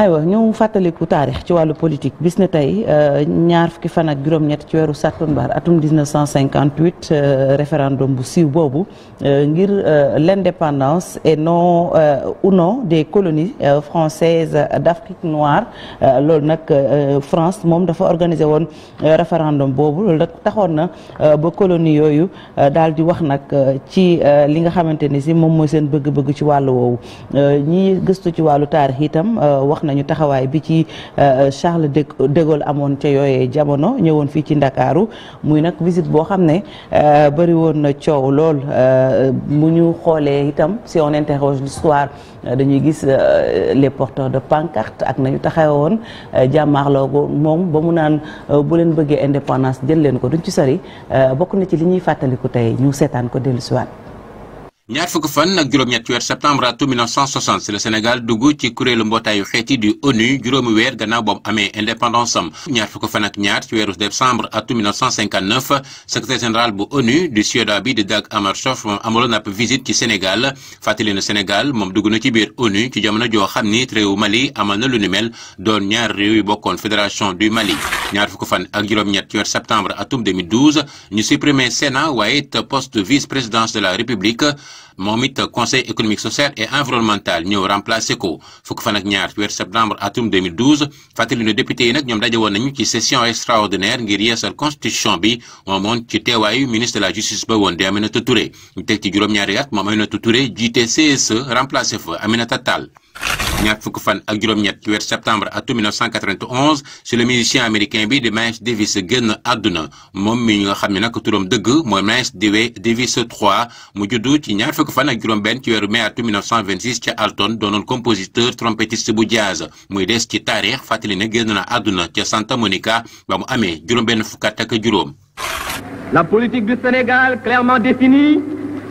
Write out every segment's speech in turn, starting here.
aywa ñu fàttaliku taarix ci wàllu politique bis na tey euh, ñaar fukki fan ak juróom-ñett ci weeru sattumbar atum 1958 euh, référendum bu siiw boobu euh, ngir l'indépendance et non ou non des colonies françaises d'Afrique noire loolu nag France moom dafa organiser woon référendum boobu loolu nag taxoon na ba colonie yooyu daal di wax nag ci li nga xamante ni si moom mooy seen bëgg-bëgg ci wàllu woowu ñi gëstu ci wàllu taarix itam wax wax nañu taxawaay bi ci euh, euh, Charles de Gaulle amoon ca yooyee jamono ñëwoon fii ci Ndakaaru muy nag visite boo xam ne euh, bari woon na coow lool mu ñu xoolee itam si on interroge l'histoire dañuy gis les porteurs de pancarte ak nañu taxawoon jàmmaarloo moom ba mu naan bu leen bëggee indépendance jël leen ko duñ ci sori bokk na ci li ñuy fàttaliku tey ñu seetaan ko dellusiwaat ñaar fukk fan ak juróom-ñett weer septembre atum 1960 si la Sénégal dugg ci kuréelu mbootaayu xeeti di ONU juróomi weer gannaaw boom amee indépendance am ñaar fukk fan ak ñaar ci weeru décembre atum 1959 secrétaire général bu ONU di Cioda bi di Dag Hammarskjöld moom amaloon ab ci Sénégal fàttali na Sénégal moom dugg na ci biir ONU ci jamono joo xam ni réewu Mali amal na lu ni mel doon ñaar réew yu bokkoon fédération du Mali ñaar fukk fan ak juróom-ñett ci weer septembre atum 2012 ñu supprimer Sénat waaye it poste vice présidence de la République. moom it conseil économique social et environnemental ñëw remplacé ko fukk fan ak ñaar ci weer septembre atum 2012 fàttali yi nag ñoom daje woon nañu ci session extraordinaire ngir yeesal constitution bi moom moon ci teewaayu ministre de la justice ba woon di Aminata Touré ñu teg ci juróom ñaar at moom Aminata Touré jiite CSE remplacé fa Aminata Tall ñaar fukk fan ak juróom-ñett septembre atum si le musicien américain bi di Miles Davis génn àdduna moom mi nga xam ne nag turam dëgg mooy Miles Davis III mu juddu ci ñaar fukk fan ak juróom-benn ci weeru mai atum 1926 ca Alton doonoon compositeur trompettiste bu jazz muy des ci taarix fàttali ne na àdduna ca Santa Monica ba mu amee juróom-benn fukk ak juróom. La politique du Sénégal clairement définie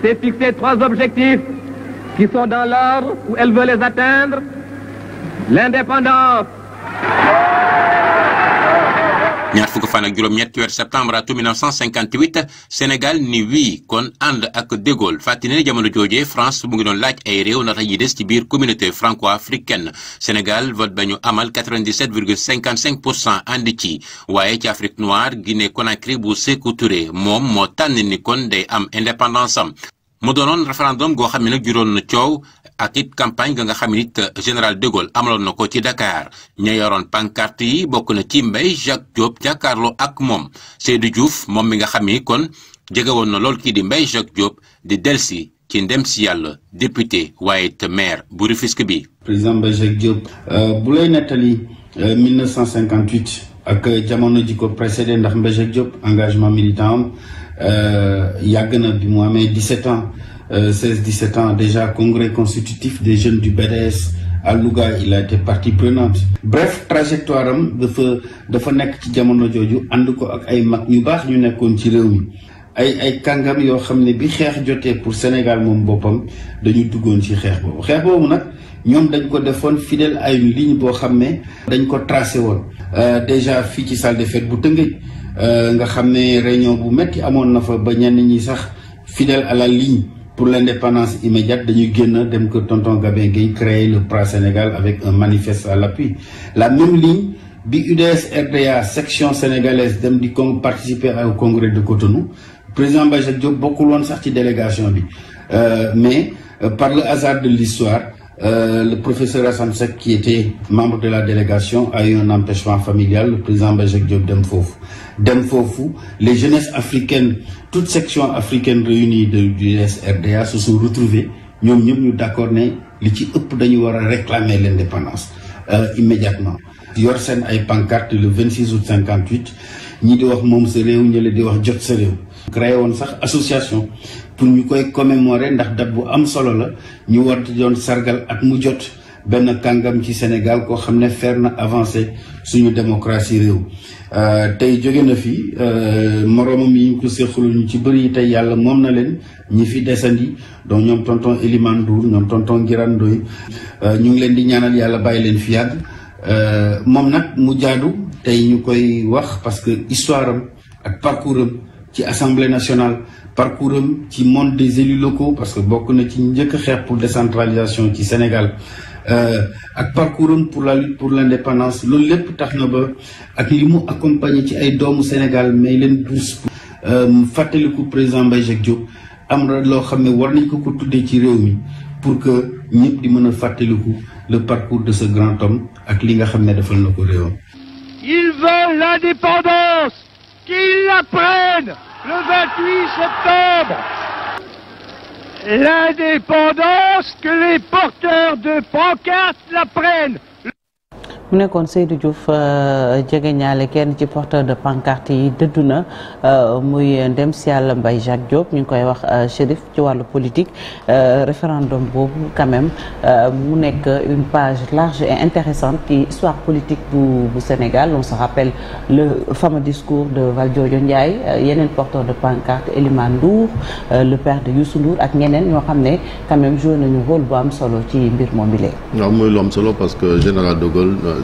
s'est fixé trois objectifs qui sont dans l'ordre où elle veut les atteindre. l'indépendance ñaar fukk fan ak juróom ñetti weer septembre atum 1958 Sénégal ni wii kon ànd ak de fàtte fàttali ne jamono joojee France mu ngi doon laaj ay réew nata yi des ci biir communauté franco-africaine Sénégal vote ba ñu amal 97 virgule 55 pour cent ànd ci waaye ci Afrique noire Guinée Conakry bu Sékou Touré moom moo tànn ni kon day am indépendance am mu doonoon référendum goo xam ne nag juróon na coow ak it campagne ga nga xam nit euh, général de Gaulle amaloon na ko ci Dakar ña yoroon pancarte yi bokk na ci Mbaye Jacques Diop jàkkaarloo ak moom Seydou Diouf moom mi nga xam ni kon jege woon na lool kii di Mbaye Jacques Diop di delsi ci ndem si yàlla député waaye it maire bu Rufisque bi. président Mbaye Jacques Diop. Euh, bu lay nettali 1958 euh, ak jamono ji ko précédé ndax Mbaye Jacques Diop engagement militant am yàgg na bi mu amee 17 ans. 16 euh, 17 ans déjà congrès constitutif des jeunes du BDS à Louga il a été partie prenante bref trajectoire am dafa dafa nekk ci jamono jooju ànd ko ak ay mag ñu baax ñu nekkoon ci réew mi ay ay kàngam yoo xam ne bi xeex jotee pour Sénégal moom boppam dañu duggoon ci xeex boobu xeex boobu nag ñoom dañ ko defoon fidèle à une ligne boo xam ne dañ ko tracé woon euh, déjà fii ci salle des fêtes bu Tëngéej euh, nga xam ne réunion bu metti amoon na fa ba nit ñi sax fidèle à la pour l'indépendance immédiate dañuy génn dem que tonton Gabin Guèye créer le PRA Sénégal avec un manifeste à l'appui la même ligne bi UDS RDA section sénégalaise dem di con participer au congrès de Cotonou président Bajac Diop bokkul woon sax ci délégation bi euh, mais euh, par le hasard de l'histoire Euh, le professeur Assam Seck, qui était membre de la délégation, a eu un empêchement familial, le président dem foofu dem foofu les jeunesses africaines, toutes sections africaines réunies de, du SRDA se sont retrouvées. Nous sommes d'accord que réclamer l'indépendance euh, immédiatement. yor seen ay pancarte le 26 août 58 ñi di wax moom sa réew ñi la di wax jot sa réew. créé woon sax association pour ñu koy commémorer ndax date bu am solo la ñu war di doon sargal at mu jot benn kàngam ci Sénégal koo xam ne fer na avancé suñu démocratie réew euh, tey jóge na fi euh, moroomam yi ñu ko séqaloon ñu ci bëri tey yàlla moom na leen ñi fi desandi donc ñoom tonton Elimane Ndour ñoom tonton Nguirane Ndoye euh, ñu ngi leen di ñaanal yàlla bàyyi leen fi yàgg moom nag mu jaadu tey ñu koy wax parce que histoire ak parcours ci assemblée nationale parcours am ci monde des élus locaux parce que bokk na ci njëkk xeex pour décentralisation ci Sénégal euh, ak parcours am pour la lutte pour l'indépendance loolu lépp tax na ba ak li mu accompagné ci ay doomu Sénégal may leen douce euh, fàttaliku président Mbaye Jacques Diop am na loo xam ne war nañ ko ko tuddee ci réew mi pour que ñëpp di mën a fàttaliku le parcours de ce grand homme ak li nga xam ne defal na ko réewam. Ils veulent l'indépendance. qu'ils la prennent le 28 septembre. L'indépendance, que les porteurs de pancartes la prennent mu nekkoon Seydou Diouf euh, jege ñaale kenn ci porteur de pancarte yi dëddu na euh, muy dem si yàlla Mbaye Jacques Diop ñu ngi koy wax Chérif euh, ci wàllu politique référendum boobu quand même mu nekk une page large et intéressante ci histoire politique bu bu Sénégal on se rappelle le fameux discours de val Valdiodio Ndiaye yeneen porteur de pancarte Elimane Ndour le père de Youssou Ndour ak ñeneen ñoo xam ne quand même joué nañu rôle bu am solo ci mbir moom bi léegi. waaw muy lu am solo parce que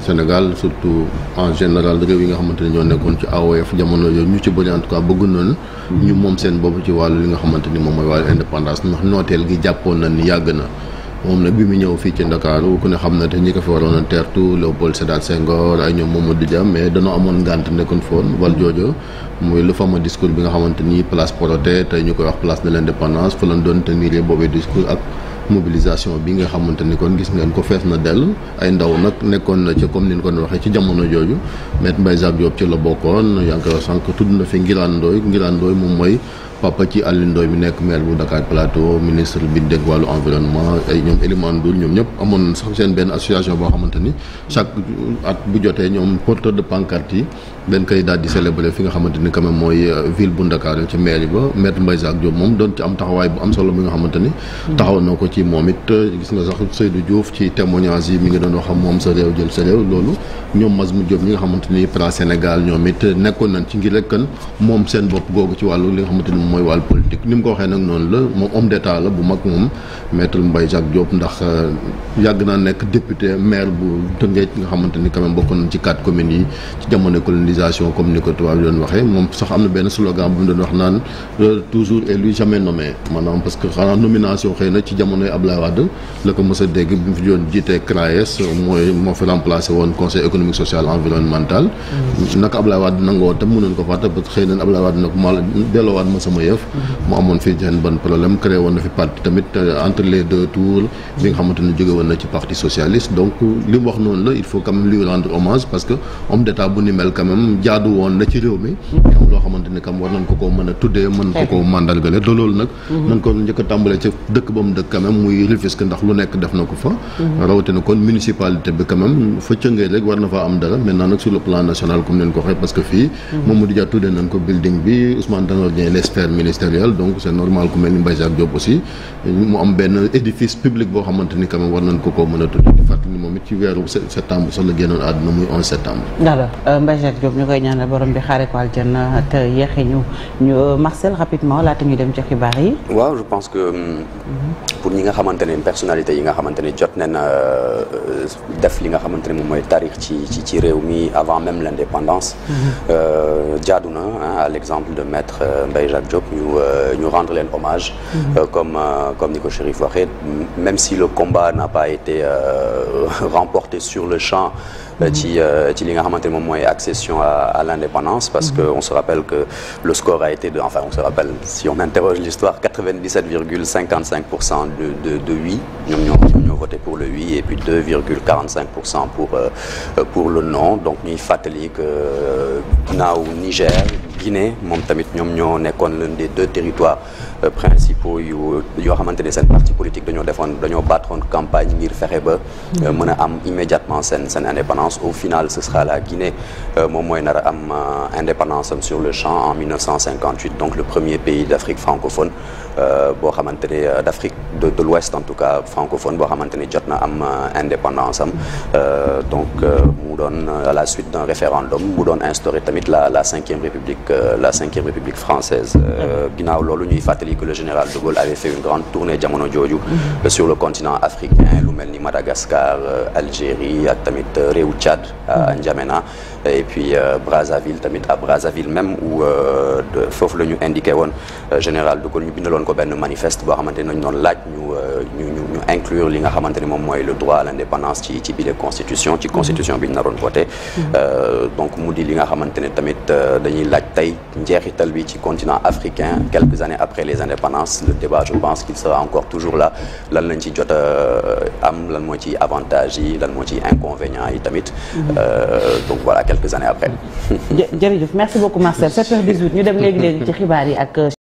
Sénégal surtout en général réew yi nga xamante ne ñoo nekkoon ci AOF jamono yooyu ñu ci bëri en bëgg noonu ñu moom seen bopp ci wàllu li nga xamante ni moom mooy wàllu indépendance ndax nooteel gi jàppoon na ni yàgg na moom nag bi mu ñëw fii ci Ndakaaru ku ne xam na te ñi ko fi waroon a teertu Léopold Sédar Senghor ay ñoom Mamadou Dia mais danoo amoon ngànt nekkoon foon wal joojo muy le fameux discours bi nga xamante ni place Protet tey ñu koy wax place de l' indépendance fa lañ doon mobilisation bi nga xamante ni kon gis ngeen ko fees na dell ay ndaw nag nekkoon na ci comme ni ñu ko waxee ci jamono jooju Maître Mbaye Jacques Diop ci la bokkoon yaa ngi koy sànq tudd na fi Ngiraan ndooy Ngiraan Ndoye moom mooy papa ci Alioune Ndoye mi nekk maire bu Dakar Plateau ministre bi dégg wàllu environnement ay ñoom Elimane Ndour ñoom ñëpp amoon sax seen benn association boo xamante ni chaque at bu jotee ñoom porteur de pancarte yi dañ koy daal di célébrer fi nga xamante ni quand mooy euh, ville bu Dakar ci maire am taxawaay bu am solo bi nga xamante ni mm. taxaw na ko ci moom it gis nga sax Seydou Diouf ci témoignage yi mi ngi doon wax moom sa réew jël sa réew ñi nga xamante ni Pra Sénégal ñoom it nekkoon nañ ci ngir rek kan moom seen bopp googu ci wàllu li nga xamante ni moom mooy wàll politique ni mu ko waxee nag noonu la moom homme d'état la bu mag moom maître Mbaye Jacques Diop ndax euh, yàgg naa nekk député maire bu Tëngéej nga xamante ni quand même bokkoon na ci quatre communes yi ci jamono colonisation comme ni ko doon waxee moom sax am na benn slogan bu mu doon wax naan toujours élu jamais nommé maanaam parce que la ko mës a dégg bi mu fi doon jiitee CRAES mooy moo fi remplacé woon conseil économique social environnemental mm. naka Abdoulaye ma delloowaat muy mu amoon fii jenn ban problème créé woon na fi parti tamit euh, entre les deux tours bi nga xamante jóge woon na ci parti socialiste donc li wax noonu la il faut quand même ni mel quand même jaadu woon na ci réew mi am loo xamante kam war nañ ko ko mandargale te nag mhm. nañ ko njëkk tàmbalee ca dëkk ba mu dëkk quand même muy Rufisque ndax lu nekk def na ko fa mhm. rawatina kon municipalité bi quand fa cëngee rek war na faa am dara maintenant nag sur le interministériel donc c'est normal ku mel ni Mbaye Jacques Diop aussi mu am benn édifice public boo xamante ni quand même war nañ ko koo mën a tudd di fàttali moom it ci weeru septembre sax la génnoon àdduna muy 11 septembre. Euh, alors te ñu ñu euh, Marcel rapidement laata dem ci xibaar yi. waaw je pense que pour ñi nga xamante ne personnalité yi nga xamante ne jot nañ euh, def li nga xamante ne moom mooy taarix ci ci ci réew mi avant même l'indépendance. Mhm. jaadu na à l'exemple de maître Mbaye Jacques Diop. Diop ñu euh, ñu rendre leen mhm. euh, euh, comme ni ko Chérif waxee même si le combat n'a pas été remporté sur le champ. Mhm. ci li nga xamante ne mooy accession à, à l'indépendance parce que mhm. on se rappelle que le a été de enfin on se rappelle si on interroge l'histoire 97,55 pour cent de de de oui ñoom pour le oui et ñuy fàttali que Guinée moom tamit ñoom ñoo nekkoon l'un des deux territoires Euh, principaux yu yoo xamante ne seen parti politique dañoo defoon dañoo battoon campagne ngir fexe ba euh, mm-hmm. mën a am immédiatement seen seen indépendance au final ce sera la Guinée euh, moom mooy nar a am indépendance am sur le champ en 1958 donc le premier pays d'Afrique francophone boo xamante ne d'Afrique de de l'Ouest en tout cas francophone boo xamante ne jot na am indépendance am donc mu doon à la suite d'un référendum mu doon instauré tamit la la cinquième république la cinquième république française ginnaaw loolu ñuy fàttali rappelé que le général de Gaulle avait fait une grande tournée jamono jooju mm-hmm. sur le continent africain lu mel ni Madagascar euh, Algérie ak tamit euh, réew Tchad à mm-hmm. N'Djamena et puis euh, Brazzaville tamit à Brazzaville même où euh, foofu la ñu indiqué woon euh, général de Gaulle ñu bindaloon ko benn manifeste boo xamante ne ñu doon laaj ñu ñu ñu inclure li nga xamante ne moom mooy le droit à l'indépendance ci ci biir constitution ci constitution bi ñu naroon voté mm-hmm. donc mu di li nga xamante ne tamit dañuy laaj tey njeexital bi ci continent africain quelques années après les indépendances le débat je pense qu'il sera encore toujours là lan lañ ci jot am lan moo ci avantage yi lan moo ci inconvénients yi tamit mm-hmm. donc voilà quelques années après. jërëjëf merci beaucoup Marcel 7h18 ñu dem léegi léegi ci xibaar yi ak.